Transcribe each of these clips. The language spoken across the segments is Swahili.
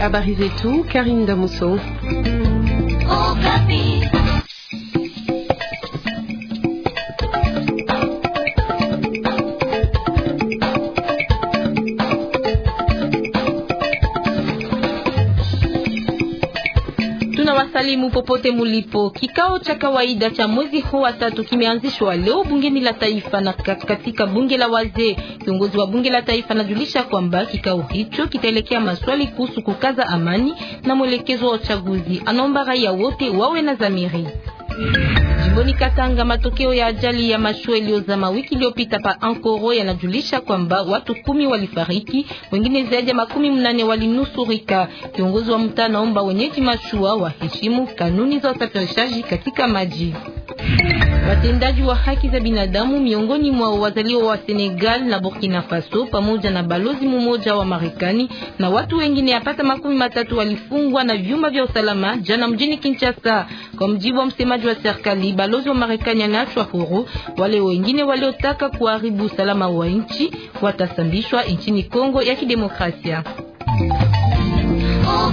Habari zetu Karine Damoso. walimu popote mulipo. Kikao cha kawaida cha mwezi huu wa tatu kimeanzishwa leo bungeni la taifa na katika bunge la wazee. Kiongozi wa bunge la taifa anajulisha kwamba kikao hicho kitaelekea maswali kuhusu kukaza amani na mwelekezo wa uchaguzi. Anaomba raia wote wawe na dhamiri. Jimboni Katanga, matokeo ya ajali ya mashua iliyozama wiki iliyopita pa Ankoro yanajulisha kwamba watu kumi walifariki, wengine zaidi ya makumi mnane walinusurika. Kiongozi wa mtaa naomba wenyeji mashua waheshimu kanuni za usafirishaji katika maji. Watendaji wa haki za binadamu miongoni mwa wazalio wa Senegal na Burkina Faso pamoja na balozi mmoja wa Marekani na watu wengine apata makumi matatu walifungwa na vyumba vya usalama jana mjini Kinshasa. Kwa mjibu wa msemaji wa serikali, balozi wa Marekani anaachwa huru. Wale wengine waliotaka kuharibu usalama wa nchi watasambishwa nchini Kongo ya Kidemokrasia. Oh,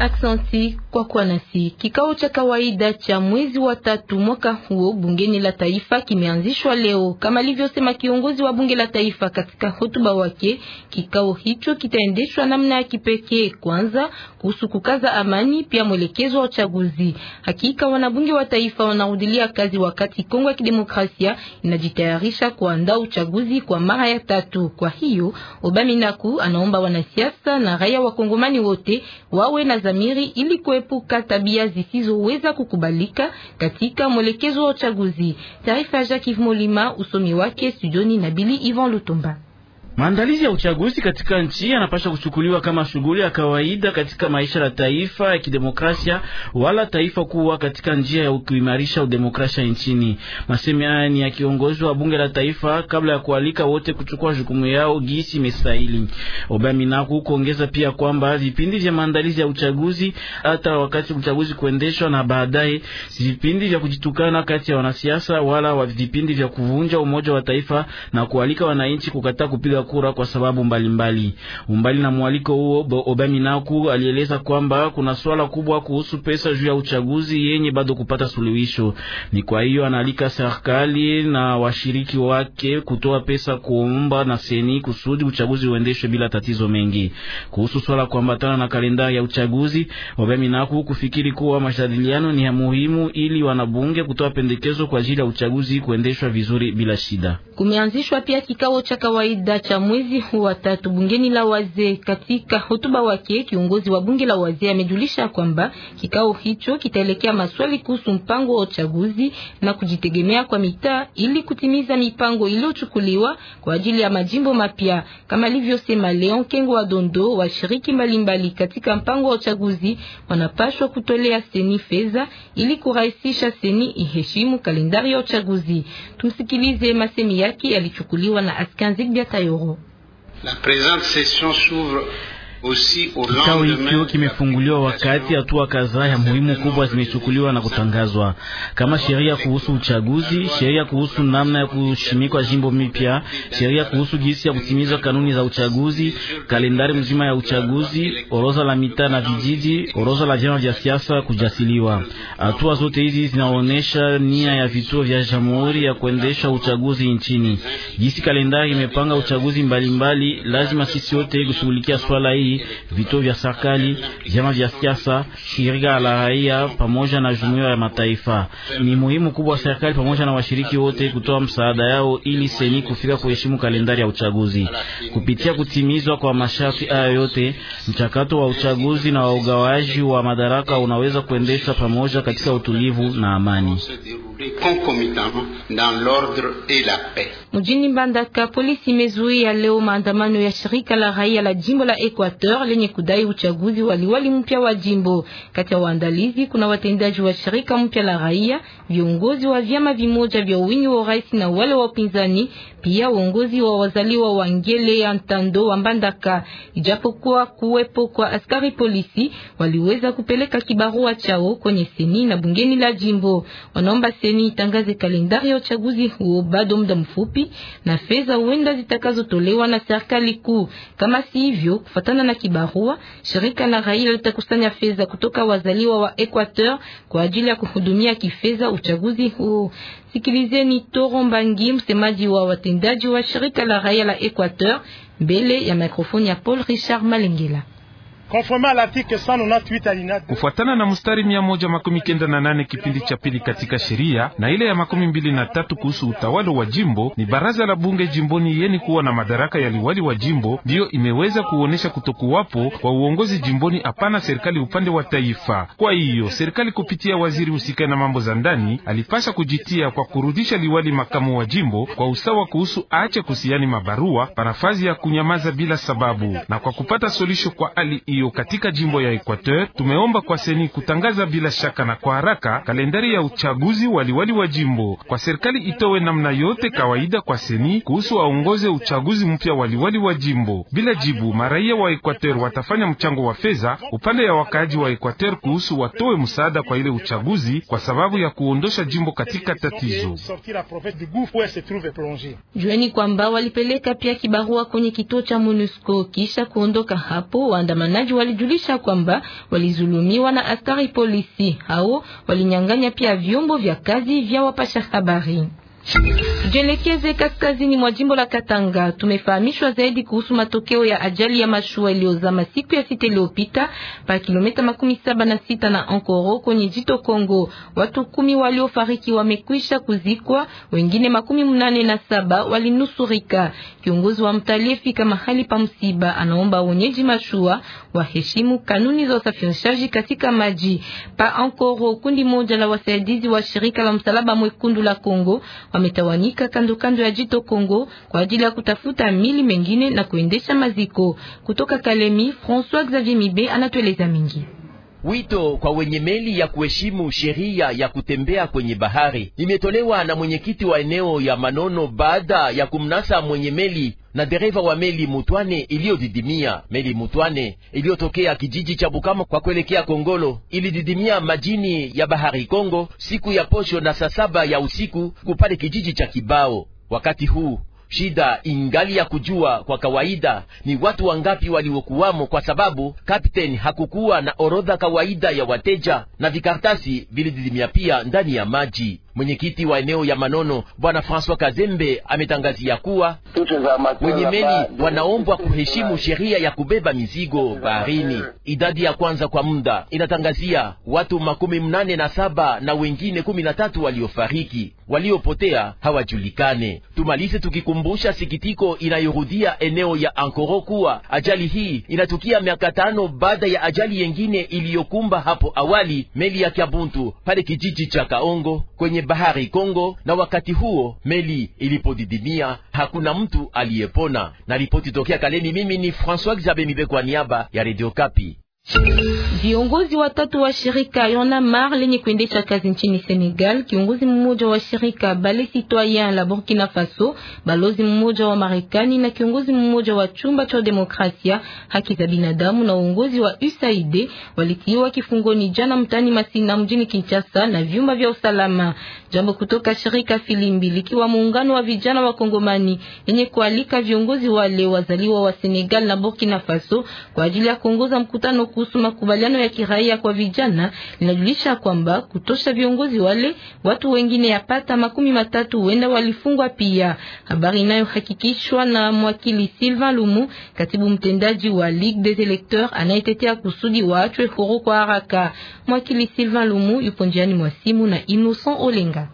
Aksansi kwa kuwa nasi. Kikao cha kawaida cha mwezi wa tatu mwaka huo bungeni la taifa kimeanzishwa leo kama alivyosema kiongozi wa bunge la taifa katika hotuba wake. Kikao hicho kitaendeshwa namna ya kipekee, kwanza kuhusu kukaza amani, pia mwelekezo wa uchaguzi. Hakika wanabunge wa taifa wanarudilia kazi wakati Kongo ya Kidemokrasia inajitayarisha kuandaa uchaguzi kwa mara ya tatu. Kwa hiyo Obaminaku anaomba wanasiasa na raia wa Kongomani wote wawe na dhamiri ili kuepuka tabia zisizoweza kukubalika katika mwelekezo wa uchaguzi. Taarifa ya Jacques Molima, usomi wake studioni na Bili Ivan Lutumba. Maandalizi ya uchaguzi katika nchi yanapaswa kuchukuliwa kama shughuli ya kawaida katika maisha ya taifa ya kidemokrasia, wala taifa kuwa katika njia ya kuimarisha udemokrasia nchini. Masemi haya ni ya kiongozi wa bunge la taifa kabla ya kualika wote kuchukua jukumu yao gisi imestahili. Obaminaku kuongeza pia kwamba vipindi vya maandalizi ya uchaguzi, hata wakati uchaguzi kuendeshwa na baadaye, vipindi vya kujitukana kati ya wanasiasa wala vipindi vya kuvunja umoja wa taifa na kualika wananchi kukataa kupiga kura kwa sababu mbalimbali mbali. Umbali na mwaliko huo, Obaminaku alieleza kwamba kuna swala kubwa kuhusu pesa juu ya uchaguzi yenye bado kupata suluhisho. Ni kwa hiyo analika serikali na washiriki wake kutoa pesa kuomba na seni kusudi uchaguzi uendeshwe bila tatizo mengi. Kuhusu swala kuambatana na kalenda ya uchaguzi, Obaminaku kufikiri kuwa majadiliano ni ya muhimu ili wanabunge kutoa pendekezo kwa ajili ya uchaguzi kuendeshwa vizuri bila shida. Kumeanzishwa pia kikao cha kawaida cha mwezi wa tatu bungeni la wazee. Katika hotuba wake, kiongozi wa bunge la wazee amejulisha kwamba kikao hicho kitaelekea maswali kuhusu mpango wa uchaguzi na kujitegemea kwa mitaa ili kutimiza mipango iliyochukuliwa kwa ajili ya majimbo mapya. Kama alivyosema Leon Kengo wa Dondo, washiriki mbalimbali katika mpango wa uchaguzi wanapaswa kutolea seni fedha ili kurahisisha seni iheshimu kalendari ya uchaguzi. Tumsikilize masemi yake yalichukuliwa na Askanzi Tayo. La présente session s'ouvre Kikao hicho kimefunguliwa wakati hatua kadhaa ya muhimu kubwa zimechukuliwa na kutangazwa kama sheria kuhusu uchaguzi, sheria kuhusu namna ya kushimikwa jimbo mipya, sheria kuhusu jinsi ya kutimiza kanuni za uchaguzi, kalendari mzima ya uchaguzi, orodha la mitaa na vijiji, orodha la vyama vya siasa kujasiliwa. Hatua zote hizi zinaonyesha nia ya vituo vya jamhuri ya kuendesha uchaguzi nchini. Jinsi kalendari imepanga uchaguzi mbalimbali mbali, lazima sisi wote kushughulikia swala hii kijamii, vituo vya serikali, vyama vya siasa, shirika la raia pamoja na jumuiya ya mataifa. Ni muhimu kubwa serikali pamoja na washiriki wote kutoa msaada yao ili seni kufika kuheshimu kalendari ya uchaguzi. Kupitia kutimizwa kwa masharti hayo yote, mchakato wa uchaguzi na wa ugawaji wa madaraka unaweza kuendeshwa pamoja katika utulivu na amani. Mjini Mbandaka polisi imezuia leo maandamano ya shirika la raia la jimbo la Equateur Equateur lenye kudai uchaguzi wa liwali mpya wa jimbo. Kati ya waandalizi kuna watendaji wa shirika mpya la raia, viongozi wa vyama vimoja vya wingi wa rais na wale wa upinzani, pia uongozi wa wazaliwa wa ngele ya Ntando wa Mbandaka. Ijapokuwa kuwepo kwa askari polisi, waliweza kupeleka kibarua chao kwenye seni na bungeni la jimbo. Wanaomba seni itangaze kalendari ya uchaguzi huo bado muda mfupi, na fedha huenda zitakazotolewa na serikali kuu. Kama si hivyo, kufuatana na kibarua, shirika la raia litakusanya fedha kutoka wazaliwa wa Equateur kwa ajili ya kuhudumia kifedha uchaguzi huu. Sikilizeni Toro Mbangi, msemaji wa watendaji wa shirika la raia la Equateur, mbele ya mikrofoni ya Paul Richard Malengela kufuatana na mstari mia moja makumi kenda na nane kipindi cha pili katika sheria na ile ya makumi mbili na tatu kuhusu utawala wa jimbo, ni baraza la bunge jimboni yeni kuwa na madaraka ya liwali wa jimbo ndiyo imeweza kuonyesha kutokuwapo kwa uongozi jimboni, hapana serikali upande wa taifa. Kwa hiyo serikali kupitia waziri husika na mambo za ndani alipasha kujitia kwa kurudisha liwali makamu wa jimbo kwa usawa kuhusu aache kusiani mabarua panafazi ya kunyamaza bila sababu na kwa kupata solisho kwa ali hiyo katika jimbo ya Equateur. Tumeomba kwa seni kutangaza bila shaka na kwa haraka kalendari ya uchaguzi waliwali wa jimbo, kwa serikali itowe namna yote kawaida kwa seni kuhusu aongoze uchaguzi mpya waliwali wa jimbo. Bila jibu, maraia wa Equateur watafanya mchango wa fedha upande ya wakaaji wa Equateur kuhusu watowe msaada kwa ile uchaguzi kwa sababu ya kuondosha jimbo katika tatizo. Jueni kwamba walipeleka pia kibarua kwenye kituo cha MONUSCO kisha kuondoka hapo waandamanaji waandamanaji walijulisha kwamba walizulumiwa na askari polisi hao walinyang'anya pia vyombo vya kazi vya wapasha habari. Jelekeze kaskazini mwa jimbo la Katanga. Tumefahamishwa zaidi kuhusu matokeo ya ajali ya mashua iliyozama siku ya sita iliyopita pa kilomita makumi saba na sita na Ankoro kwenye jito Kongo. Watu kumi waliofariki wamekwisha kuzikwa, wengine makumi mnane na saba walinusurika. Kiongozi wa mtaa aliyefika mahali pa msiba anaomba wenyeji mashua waheshimu kanuni za usafirishaji katika maji. Pa Ankoro, kundi moja la wasaidizi wa shirika la Msalaba Mwekundu la Kongo wametawanyika kando kando ya jito Kongo kwa ajili ya kutafuta mili mengine na kuendesha maziko. Kutoka Kalemi, François Xavier Mibe anatueleza mingi. Wito kwa wenye meli ya kuheshimu sheria ya kutembea kwenye bahari imetolewa na mwenyekiti wa eneo ya Manono baada ya kumnasa mwenye meli na dereva wa meli Mutwane iliyodidimia. Meli Mutwane iliyotokea kijiji cha Bukama kwa kuelekea Kongolo ilididimia majini ya bahari Kongo siku ya posho na saa saba ya usiku kupale kijiji cha Kibao. Wakati huu Shida ingali ya kujua kwa kawaida ni watu wangapi waliokuwamo, kwa sababu kapteni hakukuwa na orodha kawaida ya wateja na vikartasi vilididimia pia ndani ya maji. Mwenyekiti wa eneo ya Manono Bwana Francois Kazembe ametangazia kuwa wenye meli wanaombwa kuheshimu sheria ya kubeba mizigo baharini. Idadi ya kwanza kwa muda inatangazia watu makumi mnane na saba na wengine kumi na tatu waliofariki, waliopotea hawajulikane. Tumalize tukikumbusha sikitiko inayorudia eneo ya Ankoro kuwa ajali hii inatukia miaka tano baada ya ajali yengine iliyokumba hapo awali meli ya Kiabuntu pale kijiji cha Kaongo kwenye bahari Kongo, na wakati huo meli ilipodidimia hakuna mtu aliyepona. Na ripoti tokea Kaleni, mimi ni François Xabe Mibe kwa niaba ya Radio Kapi. Viongozi watatu wa shirika Yona Mar lenye kuendesha kazi nchini Senegal, kiongozi mmoja wa shirika Ballet Citoyen la Burkina Faso, balozi mmoja wa Marekani na kiongozi mmoja wa chumba cha demokrasia, haki za binadamu na uongozi wa USAID walitiwa kifungoni jana mtani Masina mjini Kinshasa na vyumba vya usalama. Jambo kutoka shirika Filimbi likiwa muungano wa vijana wa Kongomani yenye kualika viongozi wale wazaliwa wa Senegal na Burkina Faso kwa ajili ya kuongoza mkutano kuhusu makubaliano mapigano ya kiraia kwa vijana linajulisha kwamba kutosha viongozi wale, watu wengine yapata makumi matatu huenda walifungwa pia. Habari inayohakikishwa na mwakili Sylvain Lumu, katibu mtendaji wa Ligue des Electeurs anayetetea kusudi waachwe huru kwa haraka. Mwakili Sylvain Lumu yupo njiani mwa simu na Innocent Olenga.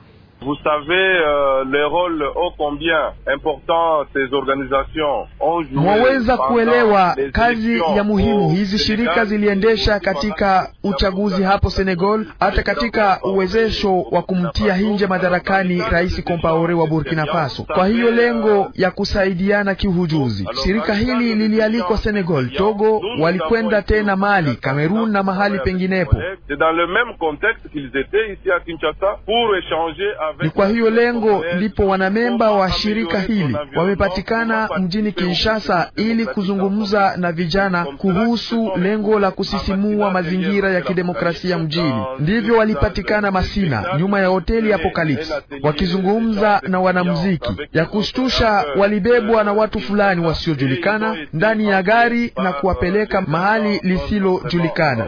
Vous savez euh, le rôle ô combien important ces organisations ont joué. Mwaweza kuelewa kazi ya muhimu hizi shirika ziliendesha katika uchaguzi hapo Senegal, hata katika uwezesho wa kumtia hinje madarakani Rais Compaore wa Burkina Faso. Kwa hiyo euh, lengo ya kusaidiana kiuhujuzi, shirika hili lilialikwa Senegal, Togo, walikwenda tena Mali, Kamerun na mahali penginepo. dans le même contexte qu'ils étaient ici à Kinshasa pour échanger ni kwa hiyo lengo lipo wanamemba wa shirika hili wamepatikana mjini Kinshasa ili kuzungumza na vijana kuhusu lengo la kusisimua mazingira ya kidemokrasia mjini. Ndivyo walipatikana Masina, nyuma ya hoteli ya Apocalypse, wakizungumza na wanamuziki. Ya kushtusha, walibebwa na watu fulani wasiojulikana ndani ya gari na kuwapeleka mahali lisilojulikana.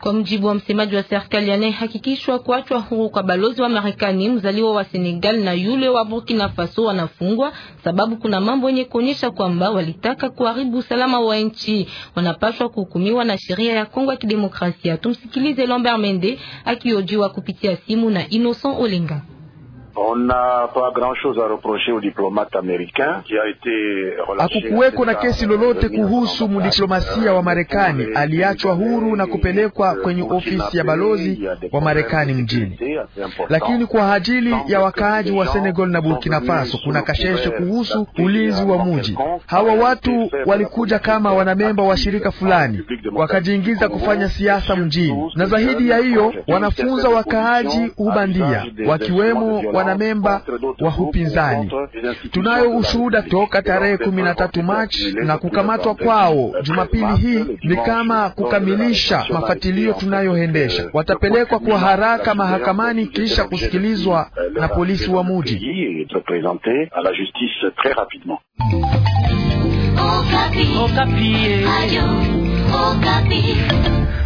Kwa mjibu wa msemaji wa serikali anayehakikishwa kuachwa huru kwa balozi wa Marekani mzaliwa wa Senegal na yule wa Burkina Faso wanafungwa sababu kuna mambo yenye kuonyesha kwamba walitaka kuharibu usalama wa nchi, wanapaswa kuhukumiwa na sheria ya Kongo ya Kidemokrasia. Tumsikilize Lambert Mende akiojiwa kupitia simu na Innocent olinga On n'a pas grand chose à reprocher au diplomate américain qui a été relâché. Hakukuweko na kesi lolote kuhusu mdiplomasia wa Marekani aliachwa huru na kupelekwa kwenye ofisi ya balozi wa Marekani mjini. Lakini kwa ajili ya wakaaji wa Senegal na Burkina Faso kuna kasheshe kuhusu ulinzi wa muji Hawa watu walikuja kama wanamemba wa shirika fulani, wakajiingiza kufanya siasa mjini, na zaidi ya hiyo wanafunza wakaaji ubandia, wakiwemo wana wanamemba wa upinzani. Tunayo ushuhuda toka tarehe kumi na tatu Machi na kukamatwa kwao Jumapili hii ni kama kukamilisha mafatilio tunayoendesha. Watapelekwa kwa haraka mahakamani kisha kusikilizwa na polisi wa muji. Okapi. Okapi.